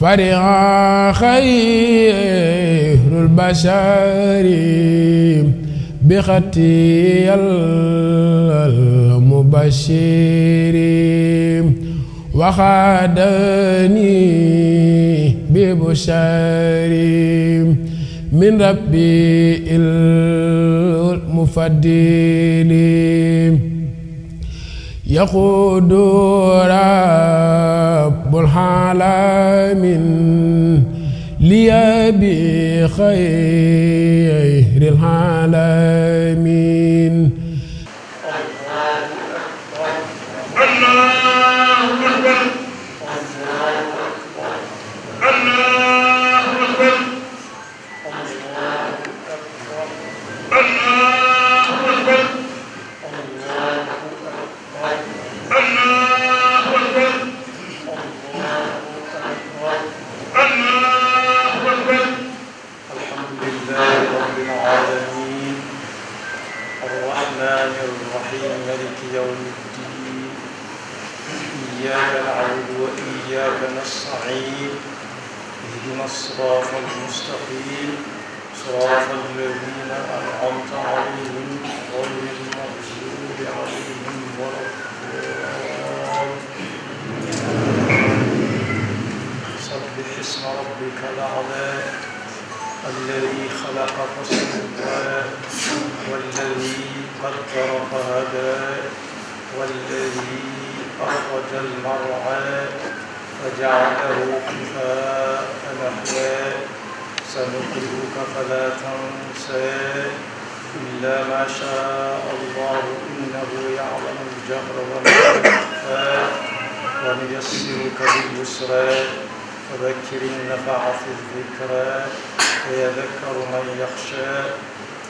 فرحا خير البشر بختي المبشر وخادني ببشر من ربي المفضل يقود رب العالمين لي بخير العالمين نعبد وإياك نستعين اهدنا الصراط المستقيم صراط الذين أنعمت عليهم غير المغضوب عليهم ولا سبح اسم ربك الأعلى الذي خلق فسوى والذي قدر فهدى والذي فأخرج المرعى فجعله كفاء نحوه سنقرئك فلا تنسى إلا ما شاء الله إنه يعلم الجهر وما يخفى ونيسرك باليسرى فذكر إن نفعت الذكرى فيذكر من يخشى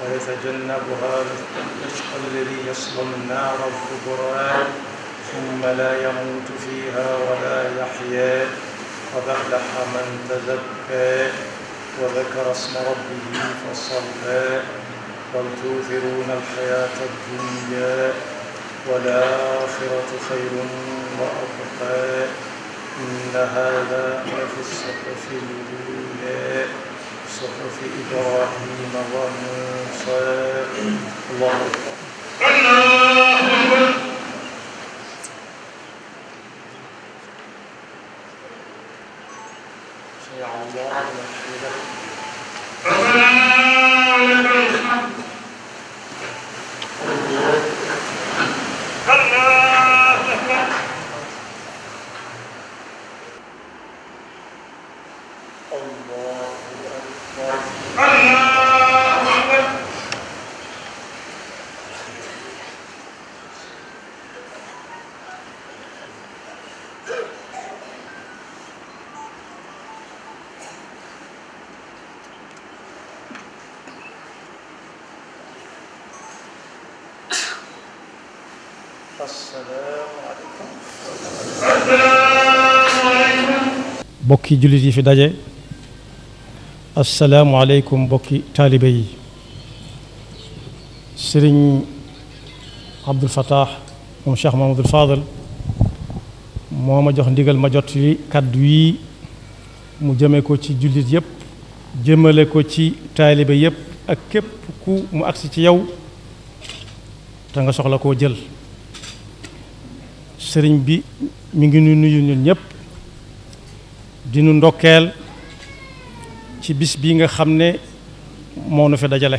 ويتجنبها الأشقى الذي يصلى النار الكبرى ثم لا يموت فيها ولا يحيا قد أفلح من تزكى وذكر اسم ربه فصلى بل توثرون الحياة الدنيا والآخرة خير وأبقى إن هذا لفي الصحف الأولى صحف إبراهيم وموسى الله أكبر الله أكبر généralement. asalaamaaleykum. bokki jullit yi fi daje. asalaamaaleykum bokki taalibe yi. sëriñ Abdul Fattah moom Cheikh Mamadou Fadal moo ma jox ndigal ma jot li kàddu yi mu jëme ko ci jullit yépp jëmale ko ci taalibe yépp ak képp ku mu agsi ci yow te nga soxla koo jël. sëriñ bi mi ngi nu nuyu ñun ñëpp dinu nu ndokkeel ci bis bi nga xam ne moo nu fi dajale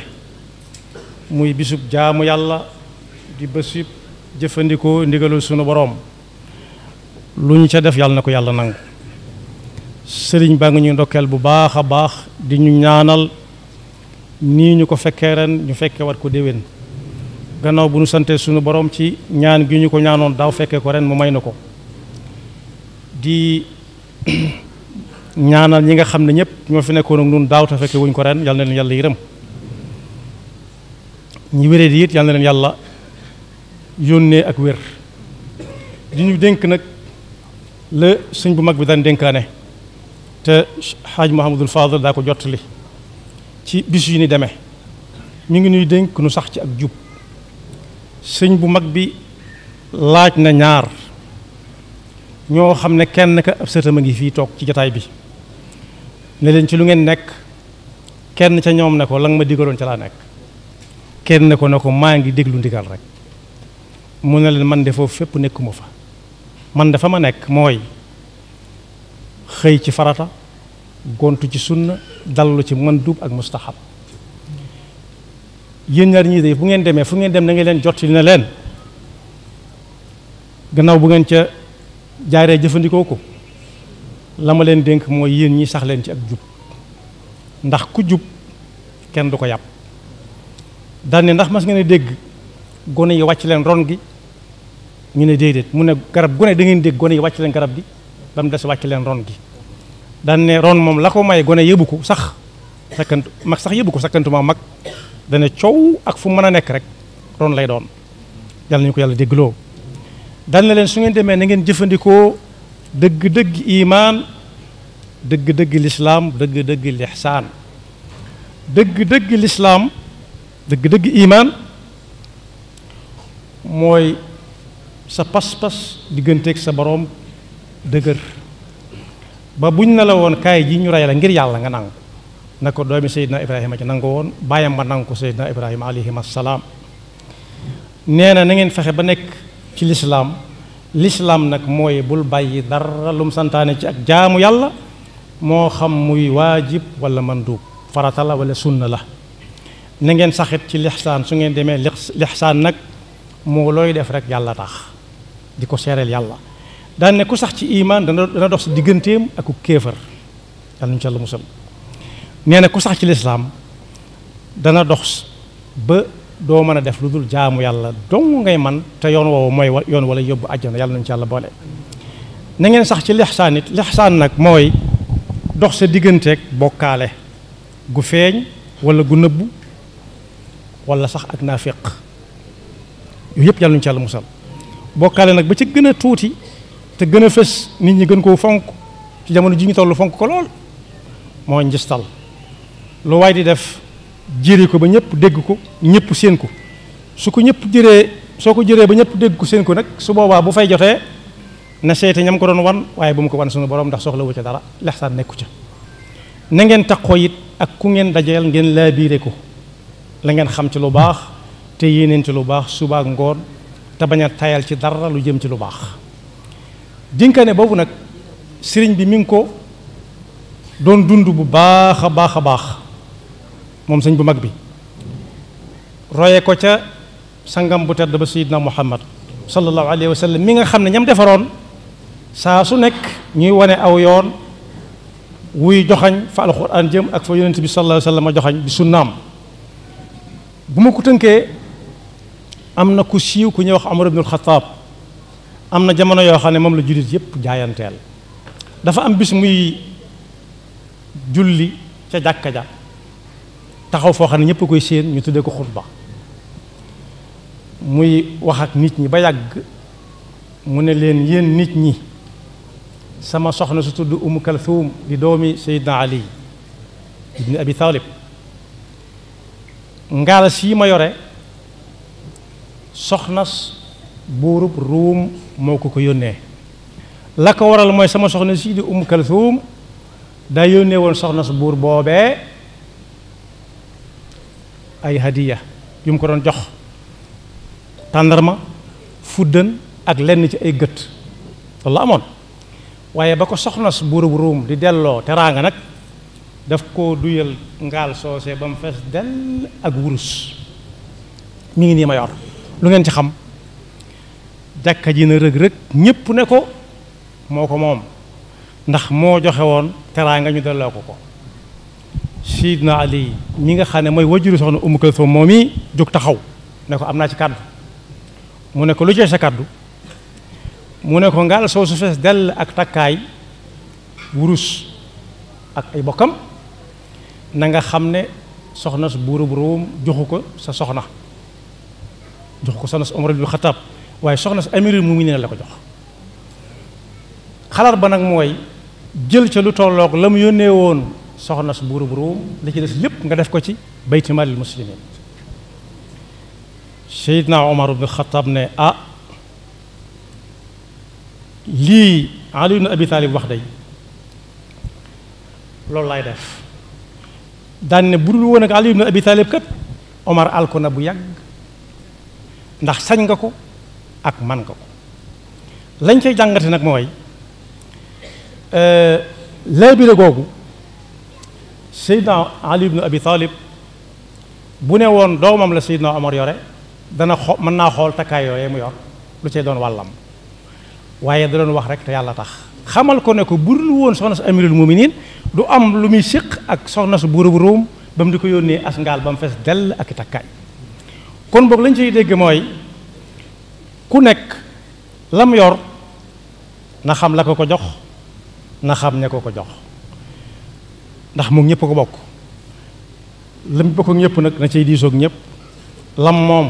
muy bisub jaamu yàlla di bésub jëfandikoo ndigalul sunu borom lu ñu ca def yàlla na ko yàlla nangu sëriñ baa ngi ñuy ndokkeel bu baax a baax di ñu ñaanal nii ñu ko fekkee ren ñu fekkee war ko déwén gannaaw bu ñu santee suñu boroom ci ñaan gi ñu ko ñaanoon daaw fekkee ko ren mu may na ko di ñaanal ñi nga xam ne ñëpp ñoo fi nekkoon ak ñun daaw te fekkee wuñ ko ren yal na leen yàlla yërëm ñi wéree di it yal na leen yàlla yónnee ak wér di ñu dénk nag la sëñ bu mag bi daan dénkaane te xaaj Mahamadul Fadal daa ko jottali ci bis yu ni demee mu ngi ñuy dénk nu sax ci ak jub sëñ bu mag bi laaj na ñaar ñoo xam ne kenn ka ab sëtam a ngi fii toog ci jataay bi ne leen ci lu ngeen nekk kenn ca ñoom ne ko la ma digaloon ca laa nekk kenn ne ko ne ko maa ngi déglu ndigal rek mu ne leen man de foofu fépp nekkuma fa man dafa ma nekk mooy xëy ci farata gontu ci sunna dallu ci mandub ak mustahab yéen ñaar ñii day bu ngeen demee fu ngeen dem na ngeen leen jotti na leen gannaaw bu ngeen ca jaaree jëfandikoo ko la ma leen dénk mooy yéen ñi sax leen ci ak jub ndax ku jub kenn du ko yàpp daan ndax mas ngeen a dégg gone yi wàcc leen ron gi ñu ne déedéet mu ne garab gone da ngeen dégg gone yi wàcc leen garab gi ba mu des wàcc leen ron gi daan ne ron moom la ko may gone yëbu ko sax sakkantu mag sax yëbu ko sakkantuma mag dana coow ak fu mën a nekk rek doon lay doon yàlla nañu ko yàlla déggloo dal na leen su ngeen demee na ngeen jëfandikoo dëgg-dëgg imaan dëgg-dëgg lislaam dëgg-dëgg lixsaan lislaam dëgg imaan mooy sa pas-pas digganteeg sa boroom dëgër ba buñ ne la woon kaay ji ñu rey la ngir yàlla nga nangu na ko doomi Seydina Ibrahima ci nangu woon bàyyam ba nangu ko Seydina Ibrahima alayhi salaam nee na na ngeen fexe ba nekk ci lislaam lislaam nag mooy bul bàyyi dara lum santaane ci ak jaamu yàlla moo xam muy waajib wala mandub farata la wala sunna la na ngeen saxit ci lixsaan su ngeen demee lixsaan nag moo looy def rek yàlla tax di ko seereel yàlla daan ne ku sax ci imaan dana dana dox si digganteem ak ku kéefar yàlla ñu ca la nee na ku sax ci lislaam dana dox ba doo mën a def lu dul jaamu yàlla dong ngay man te yoon woowu mooy yoon wala yóbbu àjjana yàlla nañu ci yàlla boole na sax ci lixsaan it lixsaan nag mooy dox sa digganteeg bokkaale gu feeñ wala gu nëbbu wala sax ak naafiq yooyu yëpp yàlla nañu ci yàlla musal bokkaale nag ba ci gën a tuuti te gën a fës nit ñi gën koo fonk ci jamono ji ñu toll fonk ko lool mooy njistal lu waay di def jëri ko ba ñëpp dégg ko ñëpp séen ko su ko ñëpp jëree soo ko jëree ba ñëpp dégg ko seen ko nag su boobaa bu fay jotee na seeti ñam ko doon wan waaye bu mu ko wan suñu borom ndax soxla wu ca dara lexsaan nekku ca na ngeen taqoo it ak ku ngeen dajeel ngeen laabiire ko la ngeen xam ci lu baax te yéeneen ci lu baax suba ak ngoon te bañ a tayal ci dara lu jëm ci lu baax dénkaane boobu nag sëriñ bi mi ngi ko doon dund bu baax a baax a baax moom sëñ bu mag bi roye ko ca sangam bu tedd ba sayidna muhammad sallallahu alayhi wa mi nga xam ne ñam defaroon saa su nekk ñuy wane aw yoon wuy joxañ fa alquran jëm ak fa yonent bi sallallahu alayhi wa joxañ bi sunnaam bu ma ko tënkee am na ku siiw ku ñuy wax Omar ibnul Xataab am na jamono yoo xam ne moom la jullit yépp jaayanteel dafa am bis muy julli ca jàkka ja taxaw foo xam ne ñëpp koy séen ñu tuddee ko xutba muy wax ak nit ñi ba yàgg mu ne leen yéen nit ñi sama soxna su tudd Umu Kalthum di doomi Seydina Ali ibni Abi Talib ngaala sii ma yore soxnas buurub ruum moo ko ko yónnee la ko waral mooy sama soxna sii di Umu Kalthum daa yónnee buur boobee ay hadiya yu mu ko doon jox tàndarma fuddën ak lenn ci ay gët loolu amoon waaye ba ko soxnas buurub ruum di delloo teraanga nag daf koo duyal ngaal soose ba mu fees dell ak wurus mi ngi nii ma yor lu ngeen ci xam jàkka ji na rëg-rëg ñépp ne ko moo ko moom ndax moo joxe woon teraanga ñu delloo ko ko Sidna Ali mi nga xam ne mooy wajuru soxna Umu Kalsum moom i jóg taxaw ne ko am naa ci kàddu mu ne ko lu ci sa kàddu mu ne ko ngaal soo su fees dell ak takkaay wurus ak ay bokkam na nga xam ne soxna su buurub Room joxu ko sa soxna joxu ko soxna su Omar ibn Xataab waaye soxna su amirul muminin la ko jox xalaat ba nag mooy jël ca lu tolloog la mu yónnee woon soxna su buurub ruum li ci des lépp nga def ko ci bayti maalil muslimin Seydina Omar ibn Xataab ne ah lii Ali ibn Abi wax day loolu laay def daan ne bu dul woon ak Ali bu yàgg ndax sañ nga ko ak man nga ko lañ cay jàngate nag mooy euh, laabire googu Seydina Ali ibn Abi Talib bu ne woon doomam la Seydina Omar yore dana xo mën naa xool takkaay yooyee mu yor lu cay doon wàllam waaye da doon wax rek te yàlla tax xamal ko ne ko bu dul woon soxna su amirul muminin du am lu muy siq ak soxna su buuru bu Ruum ba mu di ko yónnee as ngaal ba mu fees dell ak i takkaay kon boog lañ ciy dégg mooy ku nekk lam yor na xam la ko ko jox na xam ne ko ko jox ndax moom ñëpp ko bokk lam bokk ak ñëpp nag na cay diisoog ñëpp lam moom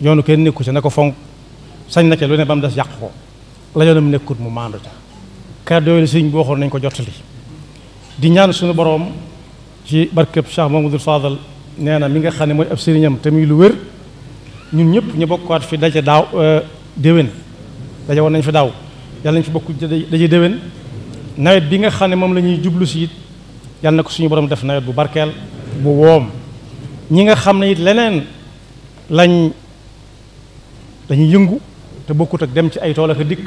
yoonu kenn nekku ci na ko fonk sañ na ca lu ne ba mu des yàq ko la yoonam nekkut mu maandu ca kàddu yooyu la sëñ bi nañ ko jottali di ñaan suñu boroom ci barkeb Cheikh Mamadou Fadal nee na mi nga xam ne mooy ab sëriñam te muy lu wér ñun ñëpp ñu bokkaat fi daje daaw euh, déwén daje woon nañ fi daaw yàlla nañ fi bokk daje déwén nawet bi nga xam ne moom la ñuy jublu siit yal na ko suñu borom def nawet bu barkeel bu woom ñi nga xam ne it leneen lañ dañuy yëngu te bokkut ak dem ci ay tool ak dikk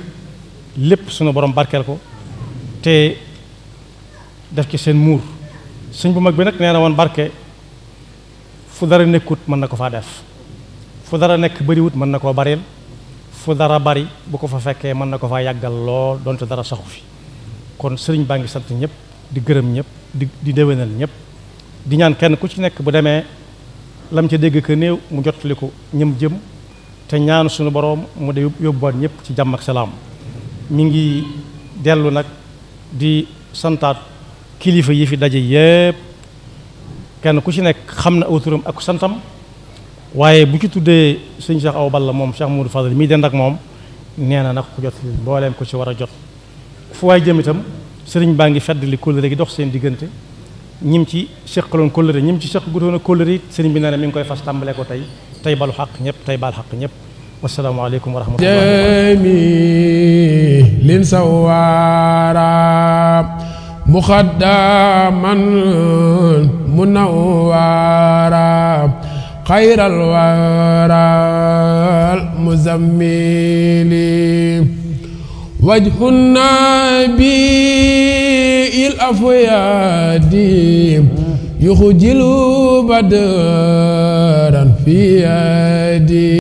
lépp suñu borom barkeel ko te def ci seen muur sëñ bu mag bi nag nee na woon barke fu dara nekkut mën na ko faa def fu dara nekk bariwut mën na koo baril fu dara bari bu ko fa fekkee mën na ko faa yàggal lool donte dara saxu fi kon sëriñ baa ngi sant ñëpp di gërëm ñëpp di di déwénal ñëpp di ñaan kenn ku ci nekk bu demee lam ci dégg ka néew mu jottali ko ñëm jëm te ñaan suñu boroom mu de yóbbuwaat ñëpp ci jàmm ak salaam mi ngi dellu nag di santaat kilifa yi fi daje yëpp kenn ku ci nekk xam na autoram ak santam waaye bu ci tuddee suñ Cheikh aw Balla moom Cheikh Modou Fadal mii dend ak moom nee nag ku jot mbooleem ko ci war a jot fu waay jëm itam sëriñ baa ngi feddali kóllëre gi dox seen diggante ñim ci seqaloon kóllëre ñim ci seq gutoon a sëriñ bi nee na mi ngi koy fas tàmbalee ko tey tey balu xaq ñëpp tey baal xaq ñëpp wasalaamaaleykum wa rahmatulah jami lin sawaara وجه النبي الأفياد يخجل بدرا في يدي